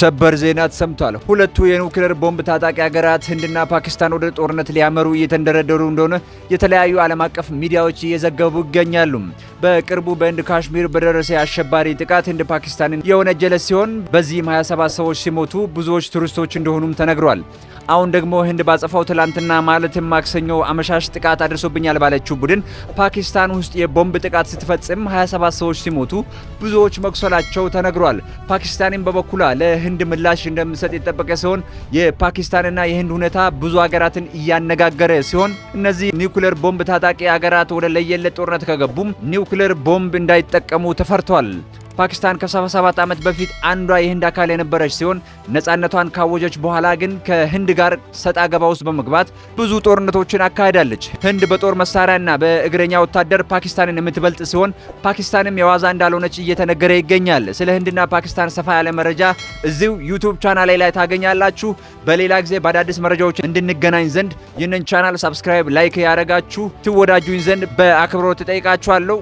ሰበር ዜና ተሰምቷል። ሁለቱ የኒውክሌር ቦምብ ታጣቂ ሀገራት ህንድና ፓኪስታን ወደ ጦርነት ሊያመሩ እየተንደረደሩ እንደሆነ የተለያዩ ዓለም አቀፍ ሚዲያዎች እየዘገቡ ይገኛሉ። በቅርቡ በህንድ ካሽሚር በደረሰ አሸባሪ ጥቃት ህንድ ፓኪስታንን የወነጀለ ሲሆን በዚህም 27 ሰዎች ሲሞቱ ብዙዎች ቱሪስቶች እንደሆኑም ተነግሯል። አሁን ደግሞ ህንድ ባጸፋው ትላንትና ማለትም ማክሰኞ አመሻሽ ጥቃት አድርሶብኛል ባለችው ቡድን ፓኪስታን ውስጥ የቦምብ ጥቃት ስትፈጽም 27 ሰዎች ሲሞቱ ብዙዎች መቁሰላቸው ተነግሯል። ፓኪስታንም በበኩሏ ለህንድ ምላሽ እንደምትሰጥ የጠበቀ ሲሆን የፓኪስታንና የህንድ ሁኔታ ብዙ ሀገራትን እያነጋገረ ሲሆን እነዚህ ኒውክሌር ቦምብ ታጣቂ ሀገራት ወደ ለየለት ጦርነት ከገቡም ኒውክሌር ቦምብ እንዳይጠቀሙ ተፈርቷል። ፓኪስታን ከ77 ዓመት በፊት አንዷ የህንድ አካል የነበረች ሲሆን ነፃነቷን ካወጀች በኋላ ግን ከህንድ ጋር ሰጣ ገባ ውስጥ በመግባት ብዙ ጦርነቶችን አካሂዳለች። ህንድ በጦር መሳሪያና በእግረኛ ወታደር ፓኪስታንን የምትበልጥ ሲሆን ፓኪስታንም የዋዛ እንዳልሆነች እየተነገረ ይገኛል። ስለ ህንድና ፓኪስታን ሰፋ ያለ መረጃ እዚሁ ዩቱብ ቻናል ላይ ታገኛላችሁ። በሌላ ጊዜ በአዳዲስ መረጃዎች እንድንገናኝ ዘንድ ይህንን ቻናል ሳብስክራይብ፣ ላይክ ያደረጋችሁ ትወዳጁኝ ዘንድ በአክብሮት እጠይቃችኋለሁ።